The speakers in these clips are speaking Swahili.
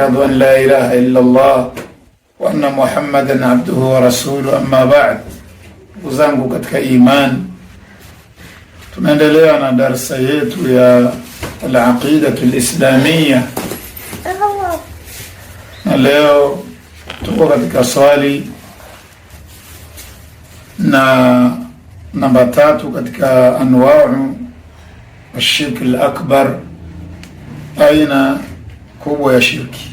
وأشهد أن لا إله إلا الله وأن محمدا عبده ورسوله أما بعد ndugu zangu katika imani tunaendelea na darsa yetu ya alaqidatu lislamia na leo tuko katika swali na namba tatu katika anwau ashirki lakbar aina kubwa ya shirki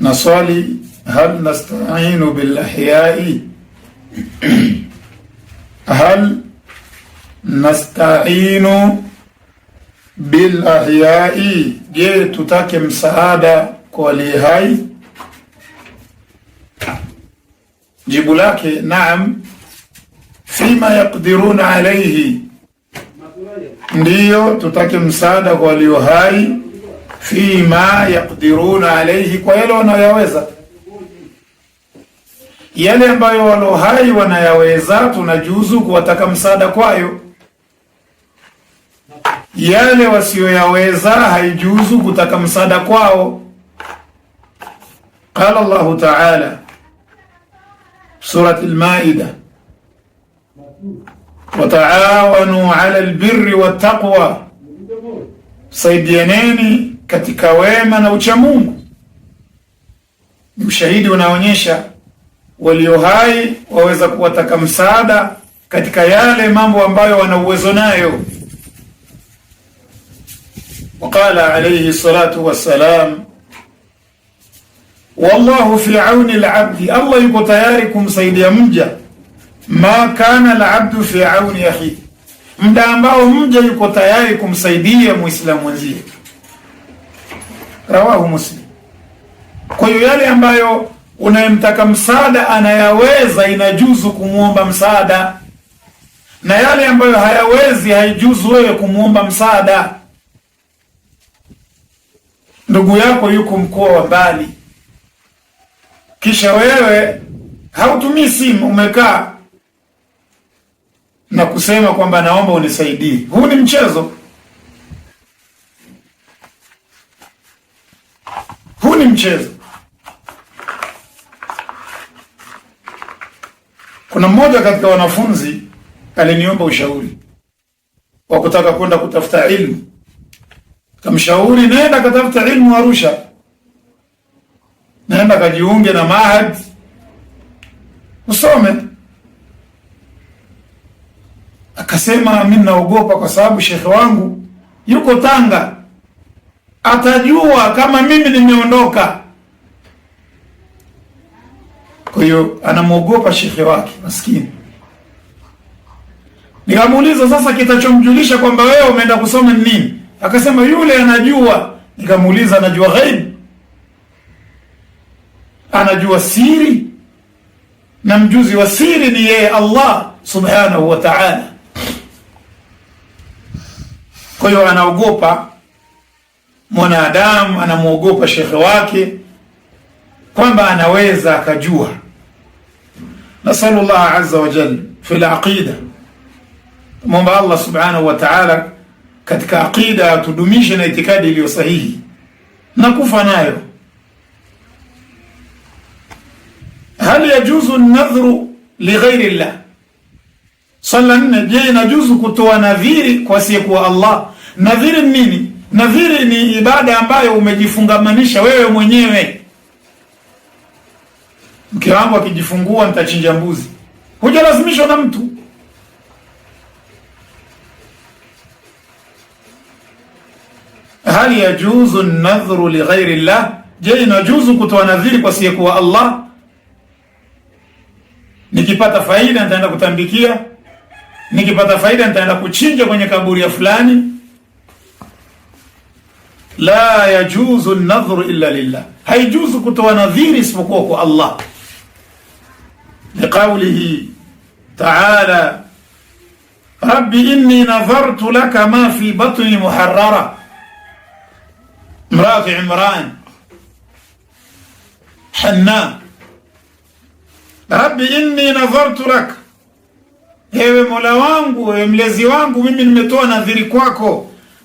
na swali hal nasta'inu bil ahyai, hal nasta'inu bil ahyai, je tutake msaada kwa walio hai? Jibu lake naam. Fima yaqdiruna alayhi, ndiyo tutake msaada kwa walio hai fima yaqdiruna alayhi, kwa yale wanayaweza, yale ambayo walo hai wanayaweza, tunajuzu kuwataka msaada kwayo. Yale wasiyoyaweza haijuzu kutaka msaada kwao. Qala Allahu ta'ala Surat al-Maida, wataawanu ala albirri wattaqwa, saidianeni katika wema na uchamungu. Ni ushahidi unaonyesha walio hai waweza kuwataka msaada katika yale mambo ambayo wana uwezo nayo. Waqala alayhi salatu wassalam, wallahu fi auni alabdi, Allah yuko tayari kumsaidia mja. Ma kana labdu fi auni akhi, mda ambao mja yuko tayari kumsaidia muislamu mwenzie rawahu Muslim. Kwa hiyo yale ambayo unayemtaka msaada anayaweza, inajuzu kumwomba msaada, na yale ambayo hayawezi, haijuzu wewe kumwomba msaada. Ndugu yako yuko mkoa wa mbali, kisha wewe hautumii simu, umekaa na kusema kwamba naomba unisaidie. Huu ni mchezo. Huu ni mchezo. Kuna mmoja katika wanafunzi aliniomba ushauri wa kutaka kwenda kutafuta ilmu, kamshauri naenda katafuta ilmu Arusha, naenda kajiunge na mahad usome. Akasema mimi naogopa, kwa sababu shekhe wangu yuko Tanga atajua kama mimi nimeondoka. Kwa hiyo anamwogopa shekhe wake maskini. Nikamuuliza, sasa kitachomjulisha kwamba wewe umeenda kusoma ni nini? Akasema yule anajua. Nikamuuliza, anajua ghaibu? Anajua siri? Na mjuzi wa siri ni yeye Allah subhanahu wa ta'ala. Kwa hiyo anaogopa mwanadamu anamwogopa shekhe wake kwamba anaweza akajua. Nasalu llah azza wa jalla fi laqida, mwomba Allah subhanahu wa taala katika aqida atudumishe na itikadi iliyo sahihi na kufa nayo. Hal yajuzu nadhru lighairi llah? Swali nne, je, inajuzu kutoa nadhiri kwa asiyekuwa Allah? Nadhiri nini? Nadhiri ni ibada ambayo umejifungamanisha wewe mwenyewe. Mke wangu akijifungua nitachinja mbuzi, hujalazimishwa na mtu. Hal yajuzu nadhru li ghairi llah, je, inajuzu kutoa nadhiri kwa siyekuwa Allah? Nikipata faida nitaenda kutambikia, nikipata faida nitaenda kuchinja kwenye kaburi ya fulani لا يجوز النظر إلا لله هاي جوز كتو نظير اسمكوك الله لقوله تعالى رب إني نظرت لك ما في بطن محررة امرأة عمران حنان رب إني نظرت لك هي مولا وانغو هي مليزي وانغو ممن متوى نظيري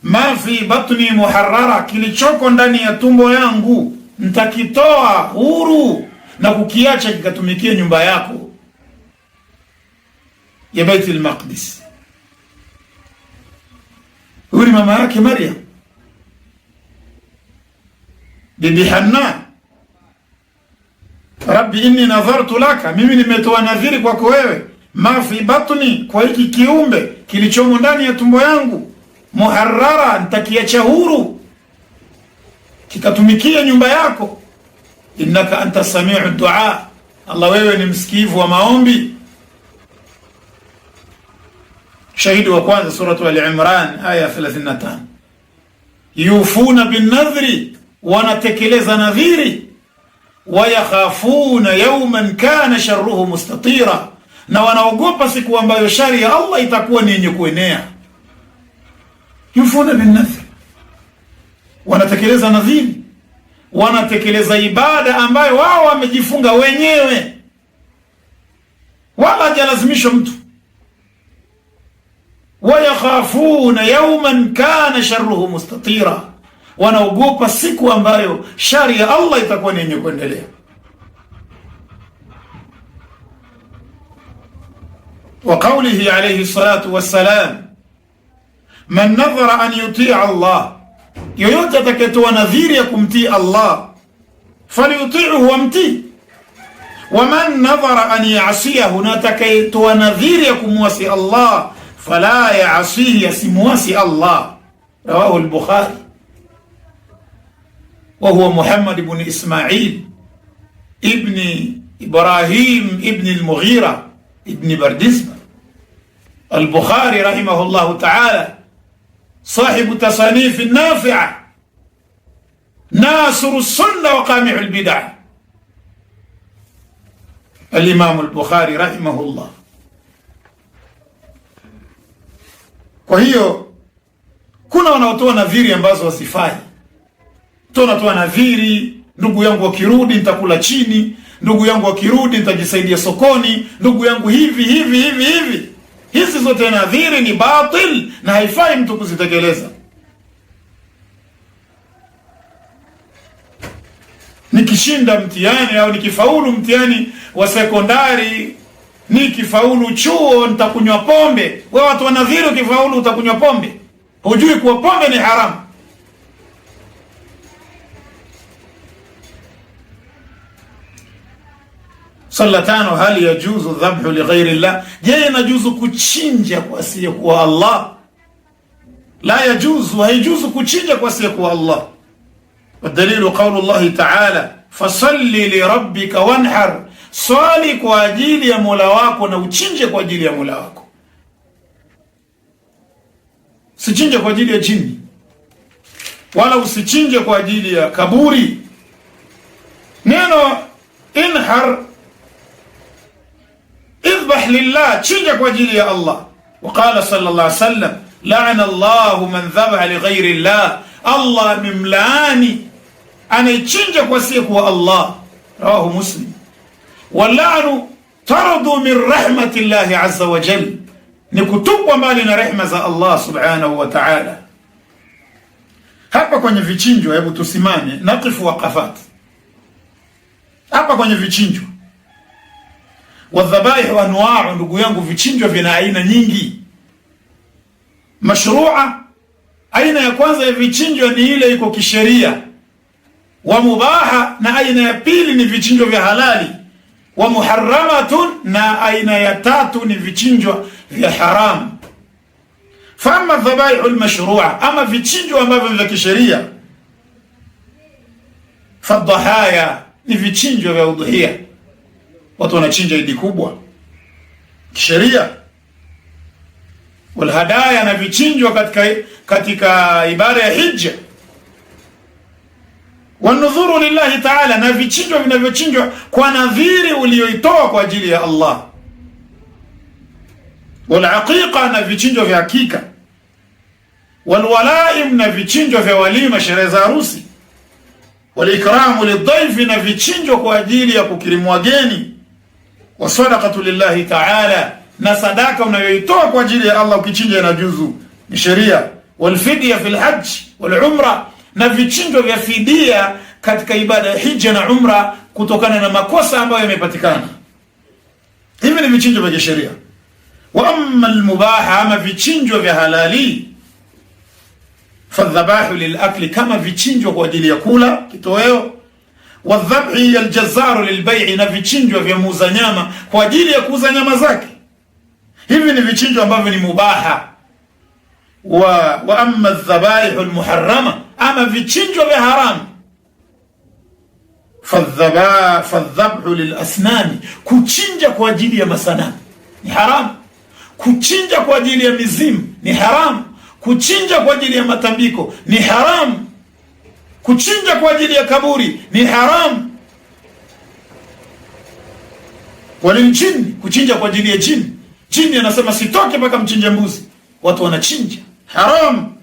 ma fi batni muharrara, kilichoko ndani ya tumbo yangu nitakitoa huru na kukiacha kikatumikie nyumba yako ya Baitul Maqdis. Huyu ni mama yake Maryam bibi Hanna, rabbi inni nadhartu laka, mimi nimetoa nadhiri kwako wewe, ma fi batni, kwa hiki kiumbe kilichomo ndani ya tumbo yangu muharrara, nitakiacha huru kikatumikia nyumba yako. Innaka anta samiu duaa, Allah wewe ni msikivu wa maombi. Shahidi wa kwanza, suratu Al-Imran aya 35. Yufuna binnadhri, wanatekeleza nadhiri. Wayakhafuna yawman kana sharruhu mustatira, na wanaogopa siku ambayo shari ya Allah itakuwa ni yenye kuenea yufuna binnadhir, wanatekeleza nadhiri, wanatekeleza ibada ambayo wao wamejifunga wenyewe, wala hajalazimishwa mtu. Wayakhafuna yauman kana sharuhu mustatira, wanaogopa siku ambayo shari ya Allah itakuwa ni yenye kuendelea. Wa qaulihi alayhi salatu wassalam من نظر أن يطيع الله يوجد تكتوى نذير يكم تي الله فليطيعه وامتي ومن نظر أن يعصيه نتكتوى نذير يكم واسي الله فلا يعصيه يسموسي الله رواه البخاري وهو محمد بن إسماعيل ابن إبراهيم ابن المغيرة ابن بردزبة البخاري رحمه الله تعالى sahibu tasanifi nafia nasiru sunna wa qamiu lbidaa alimamu lbukhari rahimahullah. Kwa hiyo kuna wanaotoa nadhiri ambazo wasifai. Mtu anatoa nadhiri, ndugu yangu wakirudi nitakula chini, ndugu yangu wakirudi nitajisaidia sokoni, ndugu yangu hivi hivi hivi hivi Hizi zote nadhiri ni batil na haifai mtu kuzitekeleza. Nikishinda mtihani au nikifaulu mtihani wa sekondari, nikifaulu chuo, nitakunywa pombe. We watu wanadhiri, ukifaulu utakunywa pombe, hujui kuwa pombe ni haramu. Swali la tano, hal yajuzu dhabhu li ghairi llah, je, inajuzu kuchinja kwa asiyekuwa Allah? La yajuzu, haijuzu kuchinja kwa asiyekuwa Allah. Wadalilu qaulu llahi taala, fasalli lirabbika wanhar, swali kwa ajili ya mola wako na uchinje kwa ajili ya mola wako, sichinje kwa ajili ya jini wala usichinje kwa ajili ya kaburi. Neno inhar Idhbah lillah, chinja kwa ajili ya Allah. Wa qala sallallahu alayhi wasallam, la'ana Allahu man dhabaha li ghairi llah, Allah amemlaani anayechinja kwa asiyekuwa Allah. Rawahu Muslim. Wallanu taradu min rahmati llahi azza wa jal, ni kutupwa mbali na rehma za Allah subhanahu wa ta'ala. Hapa kwenye vichinjwa, hebu tusimame naqifu waqafat hapa kwenye vichinjwa wadhabaih anwau, ndugu yangu, vichinjwa vina aina nyingi mashrua. Aina ya kwanza ya vichinjwa ni ile iko kisheria, wa mubaha, na aina ya pili ni vichinjwa vya halali, wa muharramatun, na aina ya tatu ni vichinjwa vya haramu. Fama dhabaihu lmashrua, ama vichinjwa ambavyo vya kisheria, fadhahaya, ni vichinjwa vya udhuhia watu wanachinja idi kubwa kisheria, walhadaya na vichinjwa katika katika ibada ya hija, wanudhuru lillahi taala, na vichinjwa vinavyochinjwa kwa nadhiri uliyoitoa kwa ajili ya Allah, walaqiqa na vichinjwa vya hakika, walwalaim na vichinjwa vya walima, sherehe za harusi, walikramu ikramu lidhaifi, na vichinjwa kwa ajili ya kukirimu wageni wa sadaqatu lillahi ta'ala, na sadaka unayoitoa kwa ajili ya Allah ukichinja inajuzu, ni sheria. Walfidia fil hajj wal na vichinjwa vya fidia katika ibada ya hija na umra kutokana na makosa ambayo yamepatikana. Hivi ni vichinjo vya sheria. Wa amma almubaha, ama vichinjo vya halali fadhabahu lilakli, kama vichinjo kwa ajili ya kula kitoweo wa dhabhi aljazaru lilbai'i, na vichinjwa vya muuza nyama kwa ajili ya kuuza nyama zake. Hivi ni vichinjwa ambavyo ni mubaha wa, wa amma dhabaihu almuharrama, ama vichinjwa vya haramu fadhabhu lilasnami, kuchinja kwa ajili ya masanamu ni haramu. Kuchinja kwa ajili ya mizimu ni haramu. Kuchinja kwa ajili ya matambiko ni haramu kuchinja kwa ajili ya kaburi ni haramu. Walimchini kuchinja kwa ajili ya jini, jini anasema sitoke mpaka mchinje mbuzi. Watu wanachinja haramu.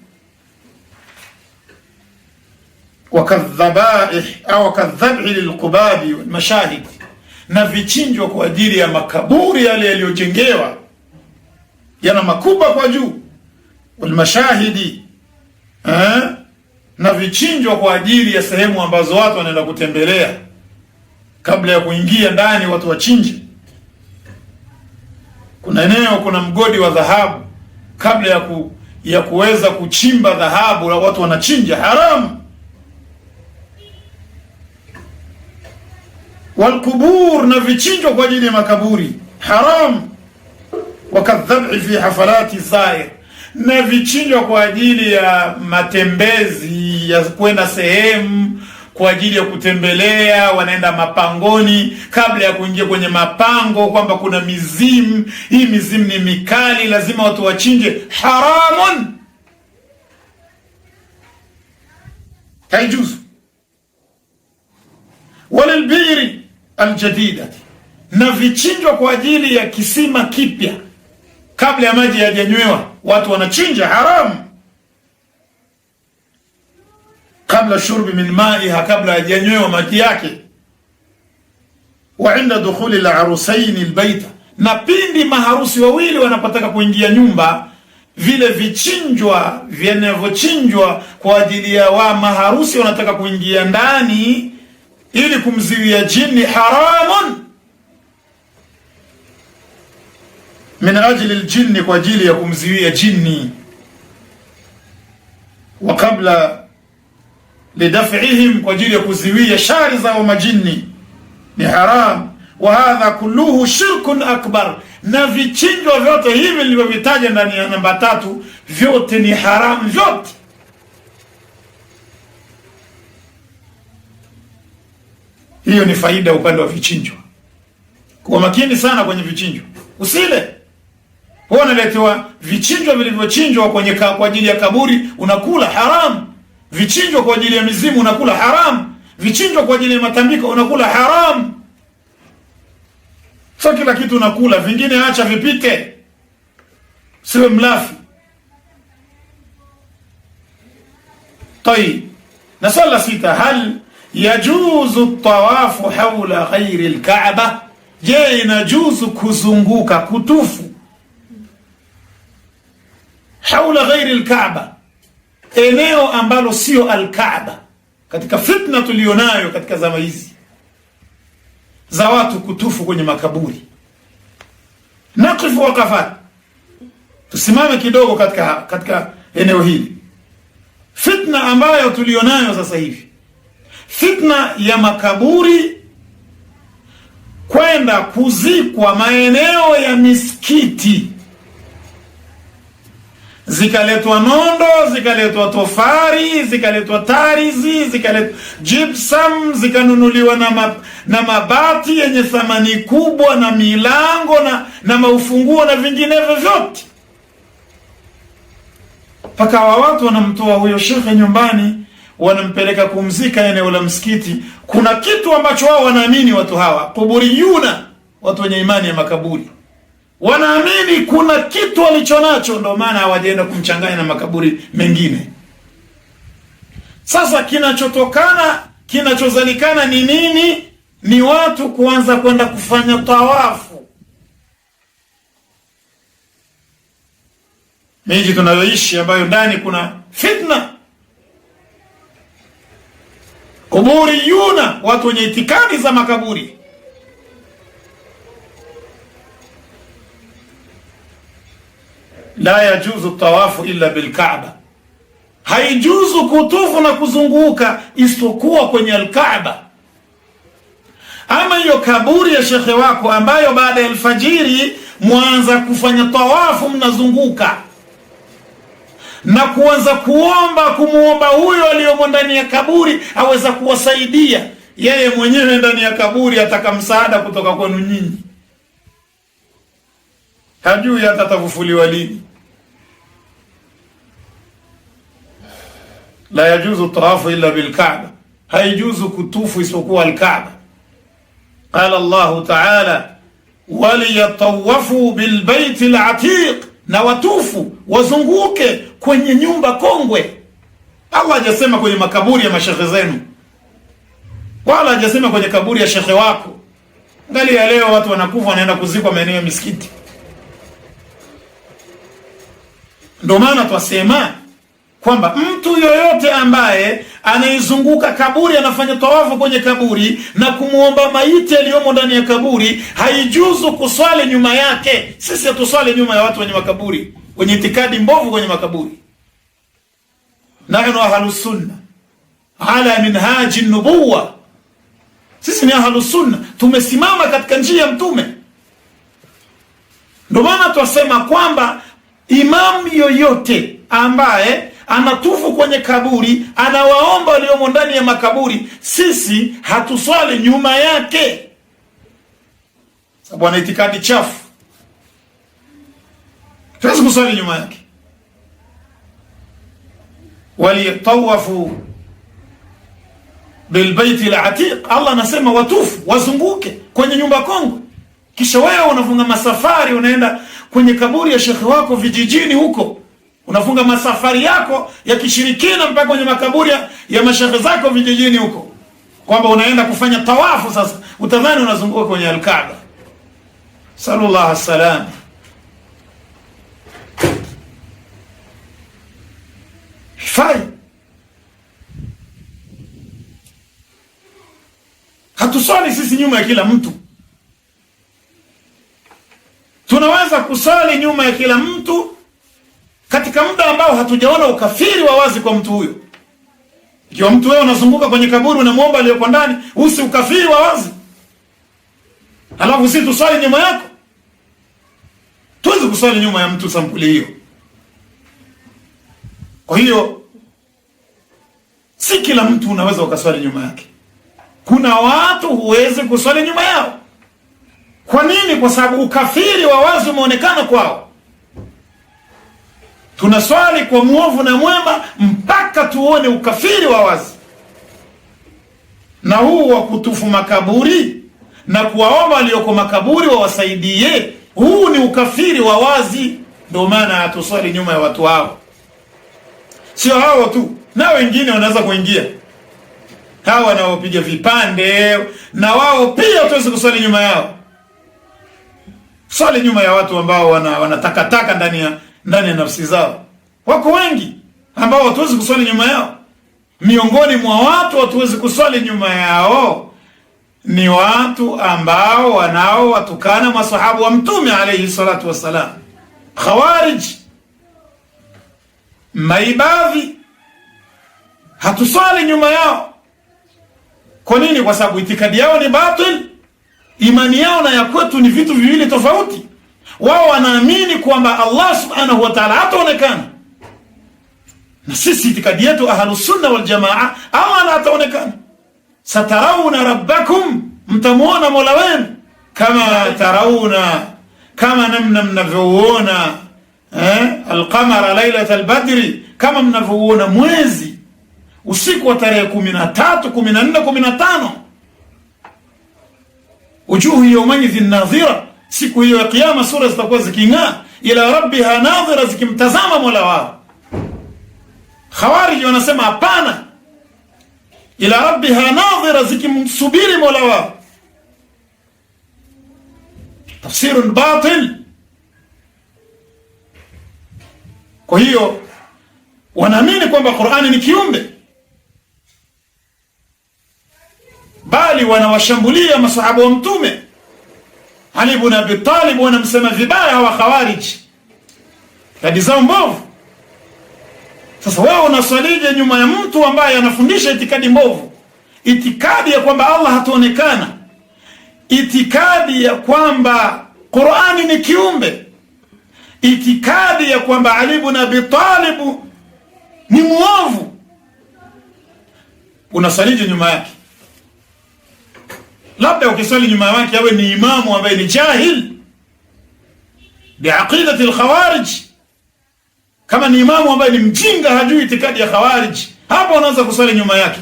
Wakadhabaih au kadhabhi lilqubabi walmashahid, na vichinjwa kwa ajili ya makaburi yale yaliyojengewa yana makuba kwa juu, walmashahidi eh na vichinjwa kwa ajili ya sehemu ambazo watu wanaenda kutembelea. Kabla ya kuingia ndani, watu wachinje. Kuna eneo, kuna mgodi wa dhahabu, kabla ya ku, ya kuweza kuchimba dhahabu, la watu wanachinja, haramu. Walkubur, na vichinjwa kwa ajili ya makaburi, haramu. Wakadhabi fi hafalati zair na vichinjwa kwa ajili ya matembezi ya kwenda sehemu kwa ajili ya kutembelea, wanaenda mapangoni, kabla ya kuingia kwenye mapango, kwamba kuna mizimu. Hii mizimu ni mikali, lazima watu wachinje. Haramun, haijuzu. Walilbiri aljadidati, na vichinjwa kwa ajili ya kisima kipya kabla ya maji yajanywewa watu wanachinja haramu kabla shurbi min maiha, kabla hajanywewa maji yake. Wa inda dukhuli larusaini lbaita, na pindi maharusi wawili wanapotaka kuingia nyumba, vile vichinjwa vinavyochinjwa kwa ajili ya wa maharusi wanataka kuingia ndani ili kumziwia jini haramun min ajli ljinni kwa ajili ya kumziwia jinni wa kabla lidaf'ihim, kwa ajili ya kuziwia shari wa majinni. ni haram. Wa hadha kulluhu shirkun akbar, na vichinjwa vyote hivi nilivyovitaja ndani ya namba tatu vyote ni haram vyote Hiyo ni faida upande wa vichinjwa. Kuwa makini sana kwenye vichinjwa, usile wewe unaletewa vichinjwa vilivyochinjwa kwenye kwa ajili ya kaburi unakula haramu, vichinjwa kwa ajili ya mizimu unakula haramu, vichinjwa kwa ajili ya matambiko unakula haramu. Sio kila kitu unakula, vingine acha vipite, siwe mlafi. Tayib. Na swala sita, hal yajuzu tawafu hawla ghairi alkaaba, je, inajuzu kuzunguka kutufu haula ghairi alkaaba, eneo ambalo sio alkaaba, katika fitna tuliyonayo katika zama hizi za watu kutufu kwenye makaburi. Nakifu wakafat, tusimame kidogo katika katika eneo hili, fitna ambayo tuliyonayo sasa hivi, fitna ya makaburi kwenda kuzikwa maeneo ya misikiti zikaletwa nondo, zikaletwa tofari, zikaletwa tarizi, zikaletwa gypsum, zikanunuliwa na, ma, na mabati yenye thamani kubwa na milango na, na maufunguo na vinginevyo vyote, mpaka wa watu wanamtoa huyo shekhe nyumbani, wanampeleka kumzika eneo la msikiti. Kuna kitu ambacho wao wanaamini watu hawa kuburiyuna, watu wenye imani ya makaburi wanaamini kuna kitu walichonacho, ndio maana hawajaenda kumchanganya na makaburi mengine. Sasa kinachotokana kinachozalikana ni nini? Ni watu kuanza kwenda kufanya tawafu. Miji tunayoishi ambayo ndani kuna fitna, kuburi yuna, watu wenye itikadi za makaburi la yajuzu tawafu illa bilkaaba, haijuzu kutufu na kuzunguka isipokuwa kwenye alkaaba. Ama hiyo kaburi ya shekhe wako ambayo baada ya alfajiri mwanza kufanya tawafu, mnazunguka na kuanza kuomba, kumwomba huyo aliyomo ndani ya kaburi aweza kuwasaidia yeye mwenyewe ndani ya kaburi, ataka msaada kutoka kwenu nyinyi, hajui hata atafufuliwa lini. la yajuzu tawafu illa bilkaaba, haijuzu kutufu isipokuwa Alkaaba. Qala Allahu taala waliyatawafu bilbaiti latiq, na watufu wazunguke kwenye nyumba kongwe. Allah hajasema kwenye makaburi ya mashehe zenu, wala hajasema kwenye kaburi ya shehe wako. Ngali ya leo watu wanakufa wanaenda kuzikwa maeneo ya misikiti. Ndio maana twasema kwamba mtu yoyote ambaye anaizunguka kaburi anafanya tawafu kwenye kaburi na kumwomba maiti aliyomo ndani ya kaburi haijuzu kuswali nyuma yake. Sisi hatuswali nyuma ya watu wenye makaburi, wenye itikadi mbovu kwenye makaburi. Nahnu ahlusunna ala minhaji nubuwa, sisi ni ahlusunna, tumesimama katika njia ya Mtume. Ndio maana twasema kwamba imamu yoyote ambaye anatufu kwenye kaburi, anawaomba waliomo ndani ya makaburi, sisi hatuswali nyuma yake, sababu ana itikadi chafu. Tuwezi kuswali nyuma yake. Walitawafu bilbaiti latiq, Allah anasema watufu, wazunguke kwenye nyumba kongwe. Kisha wewe unafunga masafari, unaenda kwenye kaburi ya shekhe wako vijijini huko Unafunga masafari yako ya kishirikina mpaka kwenye makaburi ya mashehe zako vijijini huko, kwamba unaenda kufanya tawafu. Sasa utadhani unazunguka kwenye Alkaaba. Sallallahu salam. Hifai, hatusali sisi nyuma ya kila mtu. Tunaweza kusali nyuma ya kila mtu katika muda ambao hatujaona ukafiri wa wazi kwa mtu huyo. Ndio mtu wewe unazunguka kwenye kaburi unamwomba aliyoko ndani, usi ukafiri wa wazi, alafu si tuswali nyuma yako. Tuwezi kuswali nyuma ya mtu sampuli hiyo. Kwa hiyo si kila mtu unaweza ukaswali nyuma yake. Kuna watu huwezi kuswali nyuma yao. Kwa nini? Kwa sababu ukafiri wa wazi umeonekana kwao tunaswali kwa mwovu na mwema mpaka tuone ukafiri wa wazi, na huu wa kutufu makaburi na kuwaomba walioko makaburi wawasaidie, huu ni ukafiri wa wazi. Ndio maana hatuswali nyuma ya watu hao. Sio hao tu, na wengine wanaweza kuingia hawa wanaopiga vipande, na wao pia tuwezi kuswali nyuma yao. Swali nyuma ya watu ambao wanatakataka wana ndani ya ndani ya nafsi zao. Wako wengi ambao hatuwezi kuswali nyuma yao. Miongoni mwa watu hatuwezi kuswali nyuma yao ni watu ambao wanao watukana masahabu wa Mtume alayhi salatu wassalam, Khawarij, maibadhi. Hatuswali nyuma yao. Kwa nini? Kwa sababu itikadi yao ni batil, imani yao na ya kwetu ni vitu viwili tofauti wao wanaamini kwamba Allah subhanahu wa ta'ala hataonekana, na sisi itikadi yetu ahlusunna waljamaa, Allah hataonekana. Satarauna rabbakum, mtamuona mola wenu kama tarauna, kama namna mnavyouona eh, alqamara lailata albadri, kama mnavyouona mwezi usiku wa tarehe kumi na tatu, kumi na nne, kumi na tano. Ujuhu yawmaidhin nadhira siku hiyo ya Kiyama sura zitakuwa ziking'aa ila rabbiha nadhira, zikimtazama mola wao. Khawariji wanasema hapana, ila rabbiha nadhira, zikimsubiri mola wao. Tafsirun batil. Kwa hiyo wanaamini kwamba Qur'ani ni kiumbe, bali wanawashambulia masahaba wa Mtume ali ibn Abi Talib wanamsema vibaya hawa Khawariji, kadi zao mbovu. Sasa wewe unaswalije nyuma ya mtu ambaye anafundisha itikadi mbovu, itikadi ya kwamba Allah hatuonekana, itikadi ya kwamba Qur'ani ni kiumbe, itikadi ya kwamba Ali ibn Abi Talib ni muovu, unaswalije nyuma yake? labda ukiswali nyuma yake awe ni imamu ambaye ni jahil biaqidati alkhawarij, kama ni imamu ambaye ni mjinga, hajui itikadi ya khawarij, hapo unaanza kuswali nyuma yake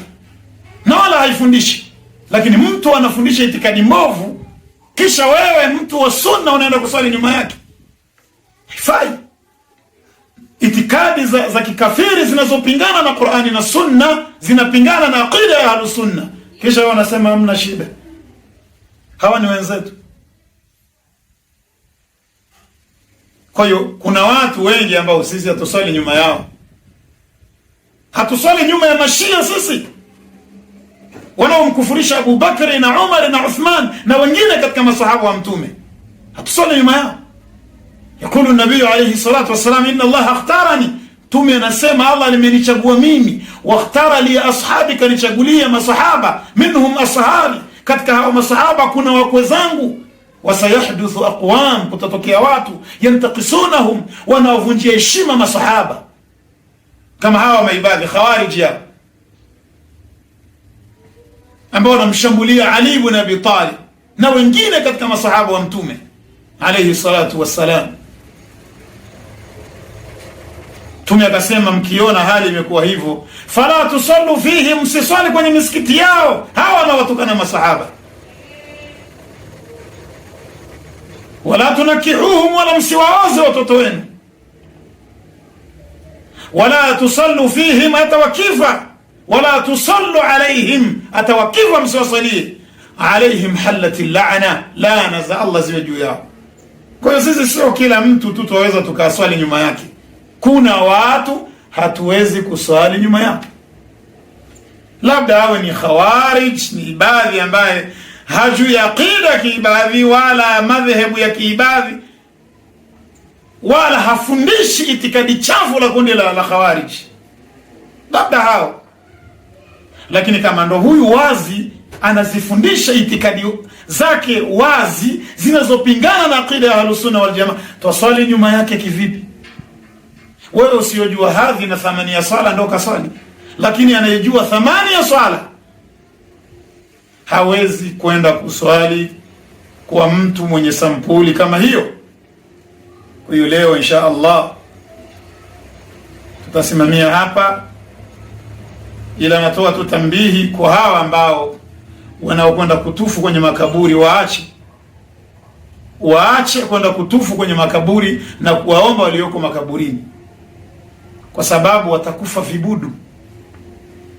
na wala haifundishi. Lakini mtu anafundisha itikadi mbovu, kisha wewe mtu wa sunna unaenda kuswali nyuma yake, haifai. Itikadi za, za kikafiri zinazopingana na Qur'ani na sunna zinapingana na aqida ya ahlusunna, kisha wanasema hamna shida. Hawa ni wenzetu. Kwa hiyo kuna watu wengi ambao sisi hatuswali nyuma yao, hatuswali nyuma ya mashia sisi wanaomkufurisha Abu Bakari na Umar na Uthman na wengine katika masahaba wa Mtume, hatusali nyuma yao. Yakulu nabiyu alayhi salatu wassalam, inna Allah akhtarani, Mtume anasema Allah alimenichagua mimi, wakhtara li ashabi, kanichagulia masahaba, minhum ashabi katika hao masahaba kuna wakwe zangu, wasayahduthu aqwam, kutatokea watu yantakisunahum, wanaovunjia heshima masahaba kama hawa maibadhi khawariji yao ambao wanamshambulia Ali bn Abi Talib na wengine katika masahaba wa Mtume alayhi salatu wassalam. Mtume akasema mkiona hali imekuwa hivyo, fala tusallu fihi, msiswali kwenye misikiti yao. Hawa wanawatukana masahaba, wala tunakihuhum, wala msiwaoze watoto wenu, wala tusallu fihim hata wala tusallu alaihim hata wakifa, alaihim halati laana, laana za Allah ziwe juu yao. Kwa hiyo sisi sio kila mtu tu tuwaweza tukaswali nyuma yake kuna watu hatuwezi kuswali nyuma yao, Labda awe ni khawarij, ni ibadhi ambaye hajui aqida kiibadhi wala madhehebu ya kiibadhi wala hafundishi itikadi chafu la kundi la, la khawarij, labda hao. Lakini kama ndo huyu wazi anazifundisha itikadi zake wazi zinazopingana na aqida ya ahlusunna waljamaa, twaswali nyuma yake kivipi? Wewe usiyojua hadhi na thamani ya swala ndio kaswali, lakini anayejua thamani ya swala hawezi kwenda kuswali kwa mtu mwenye sampuli kama hiyo. Kwa hiyo leo insha Allah tutasimamia hapa, ila natoa tu tambihi kwa hawa ambao wanaokwenda kutufu kwenye makaburi, waache waache kwenda kutufu kwenye makaburi na kuwaomba walioko makaburini. kwa sababu watakufa vibudu.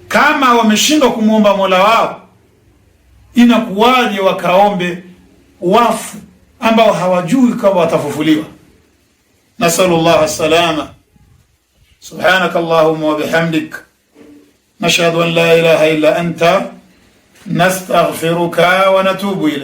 Kama wameshindwa kumwomba Mola wao, inakuwaje wakaombe wafu ambao hawajui kama watafufuliwa? Nasallallahu salama. Subhanaka Allahumma wa bihamdik nashhadu an la ilaha illa anta nastaghfiruka wa natubu ilayk.